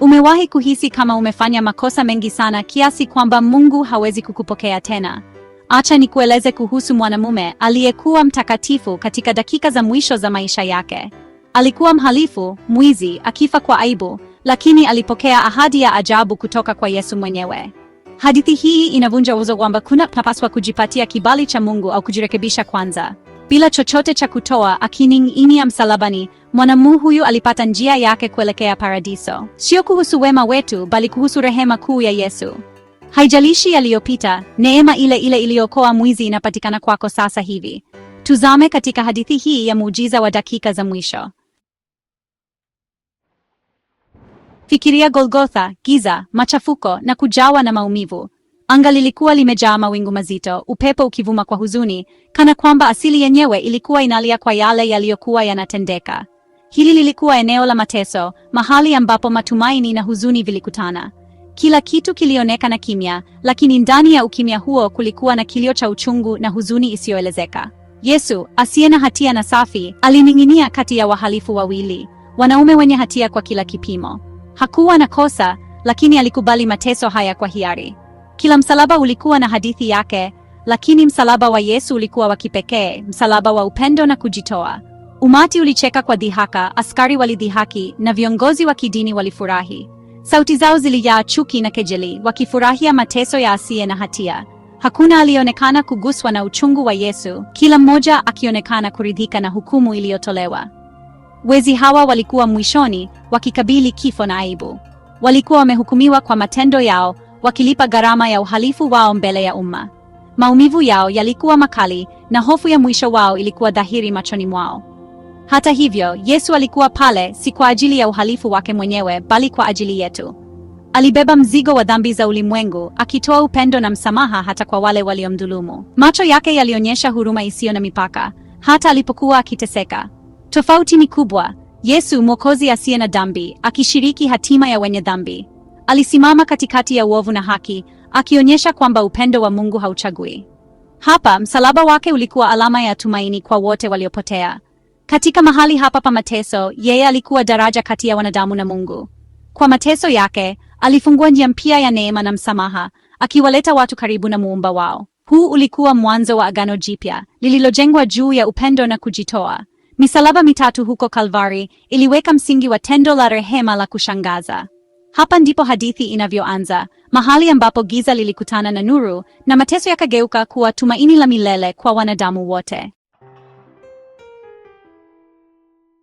Umewahi kuhisi kama umefanya makosa mengi sana kiasi kwamba Mungu hawezi kukupokea tena? Acha nikueleze kuhusu mwanamume aliyekuwa mtakatifu katika dakika za mwisho za maisha yake. Alikuwa mhalifu, mwizi, akifa kwa aibu, lakini alipokea ahadi ya ajabu kutoka kwa Yesu mwenyewe. Hadithi hii inavunja uzo kwamba kuna napaswa kujipatia kibali cha Mungu au kujirekebisha kwanza bila chochote cha kutoa, akining'inia msalabani, mwanamu huyu alipata njia yake kuelekea paradiso. Sio kuhusu wema wetu, bali kuhusu rehema kuu ya Yesu. Haijalishi yaliyopita, neema ile ile iliyokoa mwizi inapatikana kwako sasa hivi. Tuzame katika hadithi hii ya muujiza wa dakika za mwisho. Fikiria Golgotha, giza, machafuko na kujawa na maumivu. Anga lilikuwa limejaa mawingu mazito, upepo ukivuma kwa huzuni, kana kwamba asili yenyewe ilikuwa inalia kwa yale yaliyokuwa yanatendeka. Hili lilikuwa eneo la mateso, mahali ambapo matumaini na huzuni vilikutana. Kila kitu kilionekana kimya, lakini ndani ya ukimya huo kulikuwa na kilio cha uchungu na huzuni isiyoelezeka. Yesu, asiye na hatia na safi, alining'inia kati ya wahalifu wawili, wanaume wenye hatia kwa kila kipimo. Hakuwa na kosa, lakini alikubali mateso haya kwa hiari. Kila msalaba ulikuwa na hadithi yake, lakini msalaba wa Yesu ulikuwa wa kipekee, msalaba wa upendo na kujitoa. Umati ulicheka kwa dhihaka, askari walidhihaki na viongozi wa kidini walifurahi. Sauti zao zilijaa chuki na kejeli, wakifurahia mateso ya asiye na hatia. Hakuna alionekana kuguswa na uchungu wa Yesu, kila mmoja akionekana kuridhika na hukumu iliyotolewa. Wezi hawa walikuwa mwishoni, wakikabili kifo na aibu. Walikuwa wamehukumiwa kwa matendo yao, wakilipa gharama ya uhalifu wao mbele ya umma. Maumivu yao yalikuwa makali na hofu ya mwisho wao ilikuwa dhahiri machoni mwao. Hata hivyo, Yesu alikuwa pale si kwa ajili ya uhalifu wake mwenyewe bali kwa ajili yetu. Alibeba mzigo wa dhambi za ulimwengu, akitoa upendo na msamaha hata kwa wale waliomdhulumu. Macho yake yalionyesha huruma isiyo na mipaka, hata alipokuwa akiteseka. Tofauti ni kubwa. Yesu, Mwokozi asiye na dhambi, akishiriki hatima ya wenye dhambi. Alisimama katikati ya uovu na haki, akionyesha kwamba upendo wa Mungu hauchagui. Hapa msalaba wake ulikuwa alama ya tumaini kwa wote waliopotea. Katika mahali hapa pa mateso, yeye alikuwa daraja kati ya wanadamu na Mungu. Kwa mateso yake, alifungua njia mpya ya neema na msamaha, akiwaleta watu karibu na muumba wao. Huu ulikuwa mwanzo wa agano jipya lililojengwa juu ya upendo na kujitoa. Misalaba mitatu huko Kalvari iliweka msingi wa tendo la rehema la kushangaza. Hapa ndipo hadithi inavyoanza, mahali ambapo giza lilikutana na nuru na mateso yakageuka kuwa tumaini la milele kwa wanadamu wote.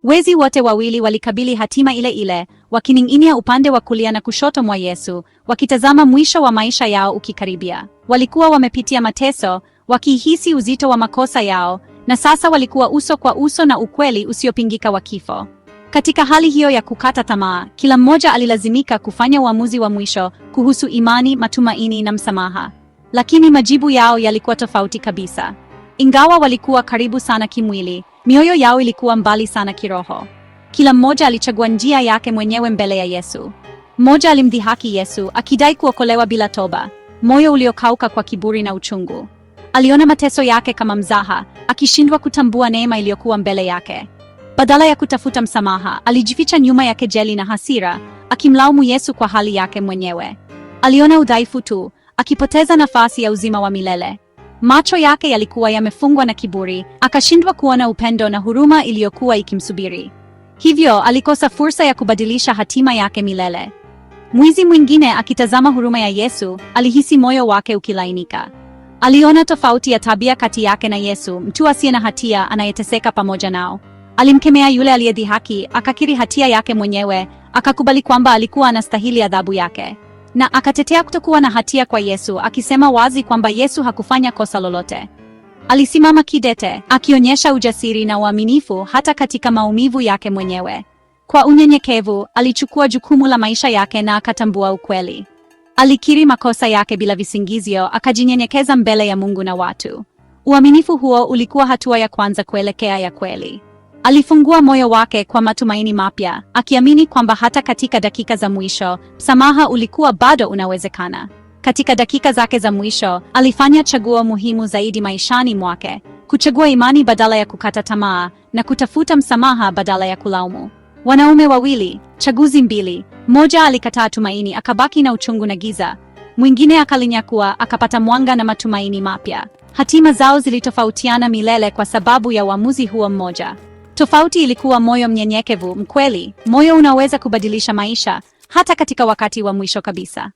Wezi wote wawili walikabili hatima ile ile, wakining'inia upande wa kulia na kushoto mwa Yesu, wakitazama mwisho wa maisha yao ukikaribia. Walikuwa wamepitia mateso, wakihisi uzito wa makosa yao, na sasa walikuwa uso kwa uso na ukweli usiopingika wa kifo. Katika hali hiyo ya kukata tamaa, kila mmoja alilazimika kufanya uamuzi wa mwisho kuhusu imani, matumaini na msamaha. Lakini majibu yao yalikuwa tofauti kabisa. Ingawa walikuwa karibu sana kimwili, mioyo yao ilikuwa mbali sana kiroho. Kila mmoja alichagua njia yake mwenyewe mbele ya Yesu. Mmoja alimdhihaki Yesu akidai kuokolewa bila toba, moyo uliokauka kwa kiburi na uchungu. Aliona mateso yake kama mzaha, akishindwa kutambua neema iliyokuwa mbele yake. Badala ya kutafuta msamaha, alijificha nyuma ya kejeli na hasira, akimlaumu Yesu kwa hali yake mwenyewe. Aliona udhaifu tu, akipoteza nafasi ya uzima wa milele. Macho yake yalikuwa yamefungwa na kiburi, akashindwa kuona upendo na huruma iliyokuwa ikimsubiri. Hivyo alikosa fursa ya kubadilisha hatima yake milele. Mwizi mwingine akitazama huruma ya Yesu, alihisi moyo wake ukilainika. Aliona tofauti ya tabia kati yake na Yesu, mtu asiye na hatia anayeteseka pamoja nao. Alimkemea yule aliyedhihaki, akakiri hatia yake mwenyewe, akakubali kwamba alikuwa anastahili adhabu yake, na akatetea kutokuwa na hatia kwa Yesu, akisema wazi kwamba Yesu hakufanya kosa lolote. Alisimama kidete, akionyesha ujasiri na uaminifu hata katika maumivu yake mwenyewe. Kwa unyenyekevu, alichukua jukumu la maisha yake na akatambua ukweli. Alikiri makosa yake bila visingizio, akajinyenyekeza mbele ya Mungu na watu. Uaminifu huo ulikuwa hatua ya kwanza kuelekea ya kweli. Alifungua moyo wake kwa matumaini mapya, akiamini kwamba hata katika dakika za mwisho, msamaha ulikuwa bado unawezekana. Katika dakika zake za mwisho, alifanya chaguo muhimu zaidi maishani mwake, kuchagua imani badala ya kukata tamaa na kutafuta msamaha badala ya kulaumu. Wanaume wawili, chaguzi mbili. Mmoja alikataa tumaini, akabaki na uchungu na giza. Mwingine akalinyakua, akapata mwanga na matumaini mapya. Hatima zao zilitofautiana milele kwa sababu ya uamuzi huo mmoja. Tofauti ilikuwa moyo mnyenyekevu, mkweli. Moyo unaweza kubadilisha maisha hata katika wakati wa mwisho kabisa.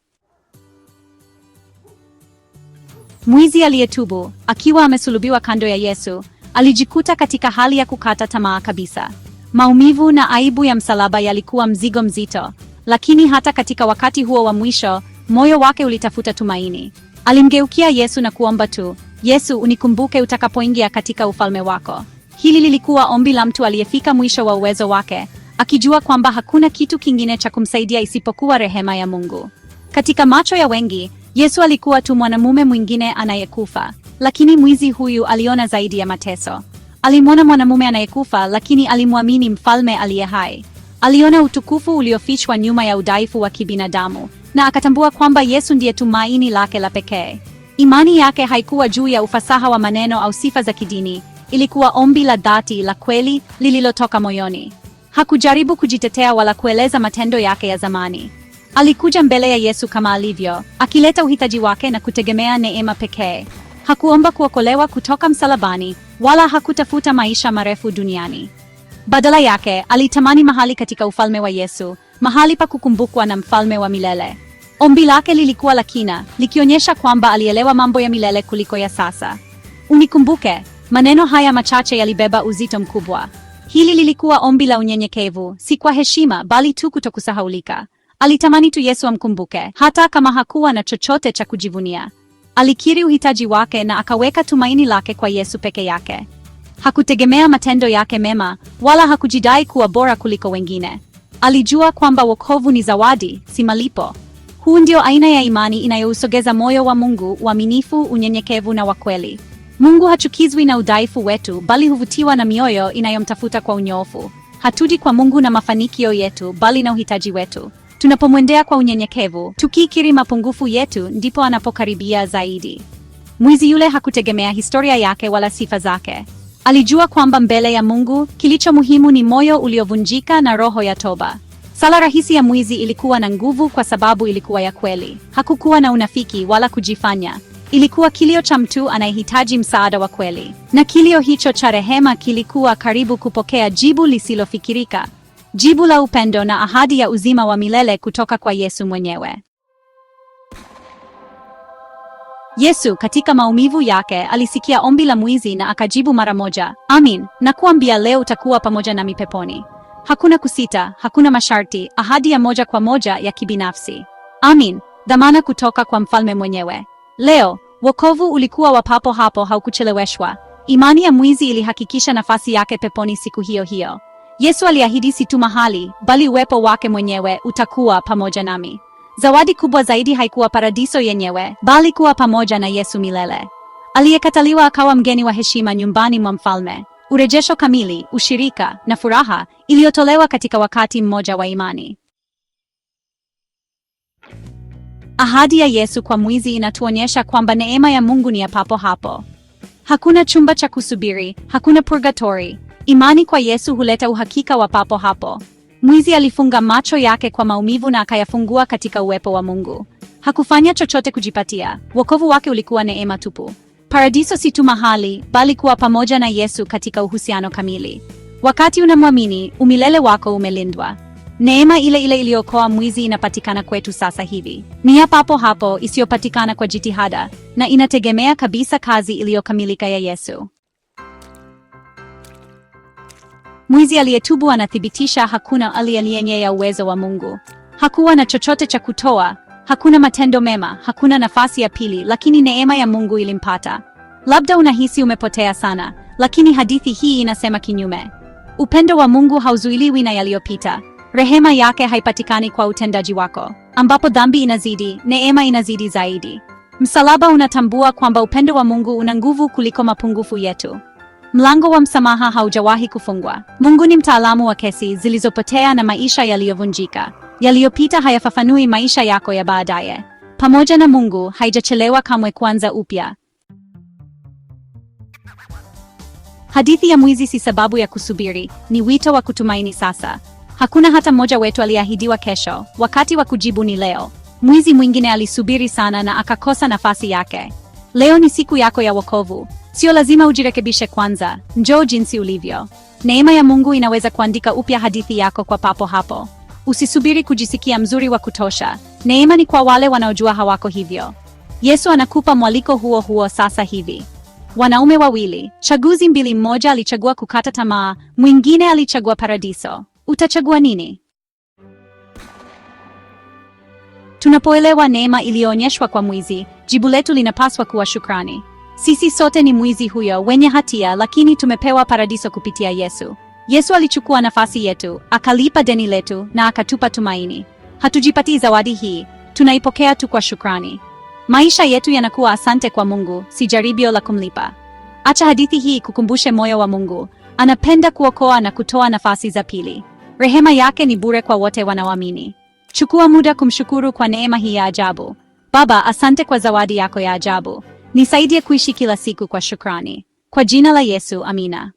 Mwizi aliyetubu akiwa amesulubiwa kando ya Yesu alijikuta katika hali ya kukata tamaa kabisa. Maumivu na aibu ya msalaba yalikuwa mzigo mzito, lakini hata katika wakati huo wa mwisho, moyo wake ulitafuta tumaini. Alimgeukia Yesu na kuomba tu, Yesu, unikumbuke utakapoingia katika ufalme wako. Hili lilikuwa ombi la mtu aliyefika mwisho wa uwezo wake, akijua kwamba hakuna kitu kingine cha kumsaidia isipokuwa rehema ya Mungu. Katika macho ya wengi, Yesu alikuwa tu mwanamume mwingine anayekufa, lakini mwizi huyu aliona zaidi ya mateso. Alimwona mwanamume anayekufa, lakini alimwamini mfalme aliye hai. Aliona utukufu uliofichwa nyuma ya udhaifu wa kibinadamu na akatambua kwamba Yesu ndiye tumaini lake la pekee. Imani yake haikuwa juu ya ufasaha wa maneno au sifa za kidini, Ilikuwa ombi la dhati la kweli lililotoka moyoni. Hakujaribu kujitetea wala kueleza matendo yake ya zamani. Alikuja mbele ya Yesu kama alivyo, akileta uhitaji wake na kutegemea neema pekee. Hakuomba kuokolewa kutoka msalabani wala hakutafuta maisha marefu duniani. Badala yake, alitamani mahali katika ufalme wa Yesu, mahali pa kukumbukwa na mfalme wa milele. Ombi lake lilikuwa la kina, likionyesha kwamba alielewa mambo ya milele kuliko ya sasa. Unikumbuke, Maneno haya machache yalibeba uzito mkubwa. Hili lilikuwa ombi la unyenyekevu, si kwa heshima, bali tu kutokusahaulika. Alitamani tu Yesu amkumbuke, hata kama hakuwa na chochote cha kujivunia. Alikiri uhitaji wake na akaweka tumaini lake kwa Yesu peke yake. Hakutegemea matendo yake mema, wala hakujidai kuwa bora kuliko wengine. Alijua kwamba wokovu ni zawadi, si malipo. Huu ndio aina ya imani inayousogeza moyo wa Mungu, uaminifu, unyenyekevu na wa kweli. Mungu hachukizwi na udhaifu wetu, bali huvutiwa na mioyo inayomtafuta kwa unyoofu. Hatudi kwa Mungu na mafanikio yetu, bali na uhitaji wetu. Tunapomwendea kwa unyenyekevu, tukikiri mapungufu yetu, ndipo anapokaribia zaidi. Mwizi yule hakutegemea historia yake wala sifa zake. Alijua kwamba mbele ya Mungu kilicho muhimu ni moyo uliovunjika na roho ya toba. Sala rahisi ya mwizi ilikuwa na nguvu kwa sababu ilikuwa ya kweli. Hakukuwa na unafiki wala kujifanya ilikuwa kilio cha mtu anayehitaji msaada wa kweli, na kilio hicho cha rehema kilikuwa karibu kupokea jibu lisilofikirika, jibu la upendo na ahadi ya uzima wa milele kutoka kwa Yesu mwenyewe. Yesu katika maumivu yake alisikia ombi la mwizi na akajibu mara moja, Amin, nakuambia leo utakuwa pamoja nami peponi. Hakuna kusita, hakuna masharti, ahadi ya moja kwa moja ya kibinafsi. Amin, dhamana kutoka kwa mfalme mwenyewe. Leo Wokovu ulikuwa wa papo hapo, haukucheleweshwa. Imani ya mwizi ilihakikisha nafasi yake peponi siku hiyo hiyo. Yesu aliahidi si tu mahali, bali uwepo wake mwenyewe, utakuwa pamoja nami. Zawadi kubwa zaidi haikuwa paradiso yenyewe, bali kuwa pamoja na Yesu milele. Aliyekataliwa akawa mgeni wa heshima nyumbani mwa mfalme. Urejesho kamili, ushirika na furaha iliyotolewa katika wakati mmoja wa imani. Ahadi ya Yesu kwa mwizi inatuonyesha kwamba neema ya Mungu ni ya papo hapo. Hakuna chumba cha kusubiri, hakuna purgatori. Imani kwa Yesu huleta uhakika wa papo hapo. Mwizi alifunga macho yake kwa maumivu na akayafungua katika uwepo wa Mungu. Hakufanya chochote kujipatia. Wokovu wake ulikuwa neema tupu. Paradiso si tu mahali, bali kuwa pamoja na Yesu katika uhusiano kamili. Wakati unamwamini, umilele wako umelindwa. Neema ile ile iliyokoa mwizi inapatikana kwetu sasa hivi. Ni ya papo hapo isiyopatikana kwa jitihada na inategemea kabisa kazi iliyokamilika ya Yesu. Mwizi aliyetubu anathibitisha hakuna ya uwezo wa Mungu. Hakuwa na chochote cha kutoa, hakuna matendo mema, hakuna nafasi ya pili, lakini neema ya Mungu ilimpata. Labda unahisi umepotea sana, lakini hadithi hii inasema kinyume. Upendo wa Mungu hauzuiliwi na yaliyopita. Rehema yake haipatikani kwa utendaji wako. Ambapo dhambi inazidi, neema inazidi zaidi. Msalaba unatambua kwamba upendo wa Mungu una nguvu kuliko mapungufu yetu. Mlango wa msamaha haujawahi kufungwa. Mungu ni mtaalamu wa kesi zilizopotea na maisha yaliyovunjika. Yaliyopita hayafafanui maisha yako ya baadaye. Pamoja na Mungu, haijachelewa kamwe kuanza upya. Hadithi ya mwizi si sababu ya kusubiri, ni wito wa kutumaini sasa. Hakuna hata mmoja wetu aliahidiwa kesho. Wakati wa kujibu ni leo. Mwizi mwingine alisubiri sana na akakosa nafasi yake. Leo ni siku yako ya wokovu. Sio lazima ujirekebishe kwanza, njoo jinsi ulivyo. Neema ya Mungu inaweza kuandika upya hadithi yako kwa papo hapo. Usisubiri kujisikia mzuri wa kutosha. Neema ni kwa wale wanaojua hawako hivyo. Yesu anakupa mwaliko huo huo sasa hivi. Wanaume wawili, chaguzi mbili, mmoja alichagua kukata tamaa, mwingine alichagua paradiso utachagua nini? Tunapoelewa neema iliyoonyeshwa kwa mwizi, jibu letu linapaswa kuwa shukrani. Sisi sote ni mwizi huyo wenye hatia, lakini tumepewa paradiso kupitia Yesu. Yesu alichukua nafasi yetu, akalipa deni letu na akatupa tumaini. Hatujipatii zawadi hii, tunaipokea tu kwa shukrani. Maisha yetu yanakuwa asante kwa Mungu, si jaribio la kumlipa. Acha hadithi hii kukumbushe moyo wa Mungu. Anapenda kuokoa na kutoa nafasi za pili. Rehema yake ni bure kwa wote wanaoamini. Chukua muda kumshukuru kwa neema hii ya ajabu. Baba, asante kwa zawadi yako ya ajabu. Nisaidie kuishi kila siku kwa shukrani. Kwa jina la Yesu, amina.